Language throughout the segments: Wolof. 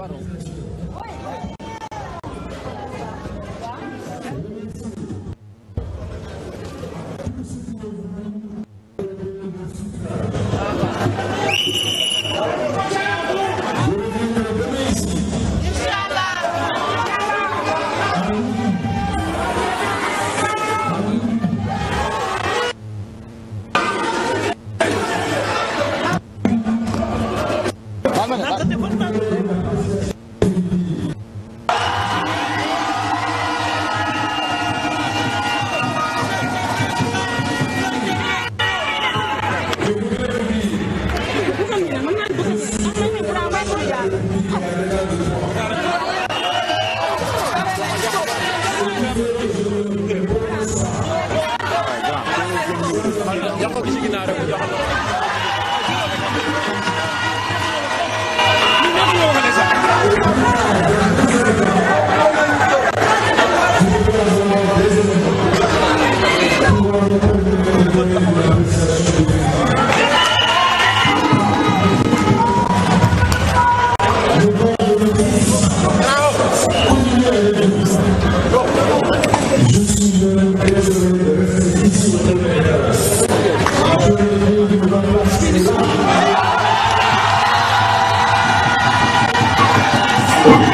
Barrow. Vamos, vamos.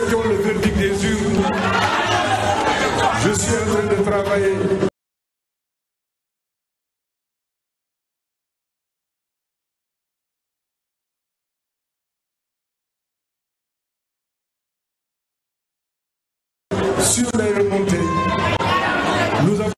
respectons le verdict des urnes. Je suis en train de travailler sur les remontées. Nous avons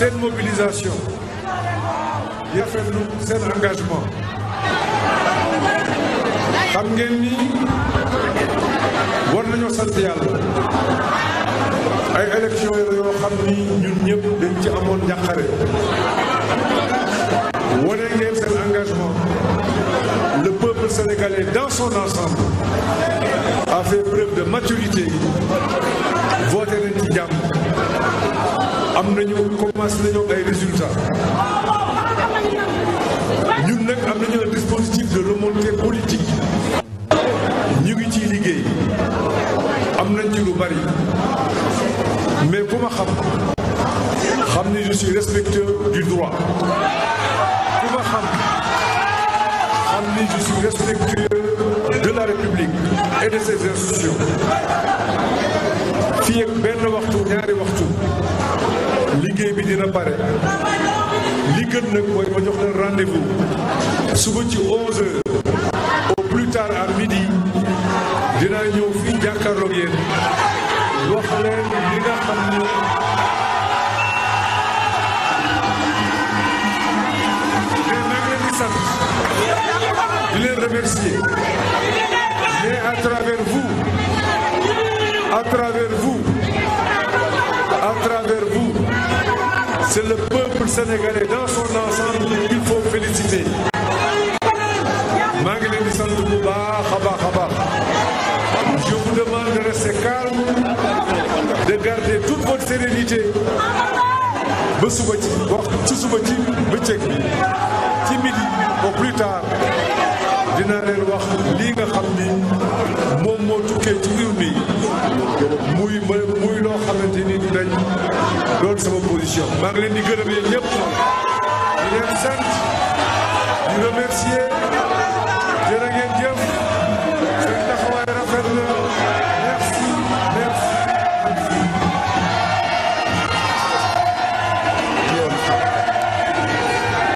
seen mobilisation di rafetlu seen engagement xam ngeen ni war nañoo sant yàlla ay élection yoo xam ni ñun ñëpp dañ ci amoon njàqare wane ngeen seen engagement le peuple sénégalais dans son ensemble a fait de maturité voté nañ ci am nañu commencé nañoo ay résultats ñun nag am nañu un dispositif de remontée politique ñu ngi ciy liggéey am nañ ci lu bari mais ku ma xam xam ni je suis respectueux du droit ku ma xam xam ni je suis respectueux de la République et de ses institutions fii ak benn waxtu ñaari waxtu. dina li gën nag mooy ma jox leen rendez-vous suba ci 11h au plus tard à midi dinaa ñëw fii jàkkaarloog yéen wax leen li nga xam ne te maa travers vous c'est le peuple son ensemble qu'il faut féliciter ngi leen di sant bu baax a baax je vous demande de rester calme de garder toute votre sérénité ba suba ci ci suba ci bëccëg bi au plus tard dinaa lii nga xam ni moom moo tukkee ci urne yi muy loo xamante ni du dañ sama position maa leen di gërëm yéen ñëpp di leen